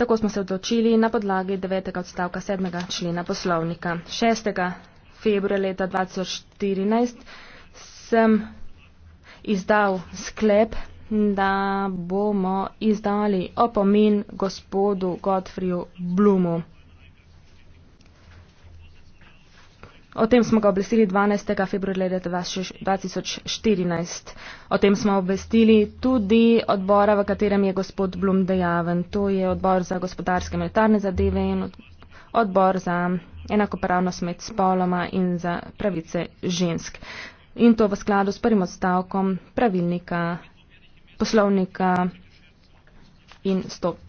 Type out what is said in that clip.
Tako smo se odločili na podlagi 9. odstavka 7. člena poslovnika. 6. februarja leta 2014 sem izdal sklep, da bomo izdali opomin gospodu Godfriju Blumu. O tem smo ga oblestili 12. februarja leta 2014. O tem smo obvestili tudi odbora, v katerem je gospod Blum dejaven. To je odbor za gospodarske monetarne zadeve in odbor za enakopravnost med spoloma in za pravice žensk. In to v skladu s prvim odstavkom pravilnika, poslovnika in 103.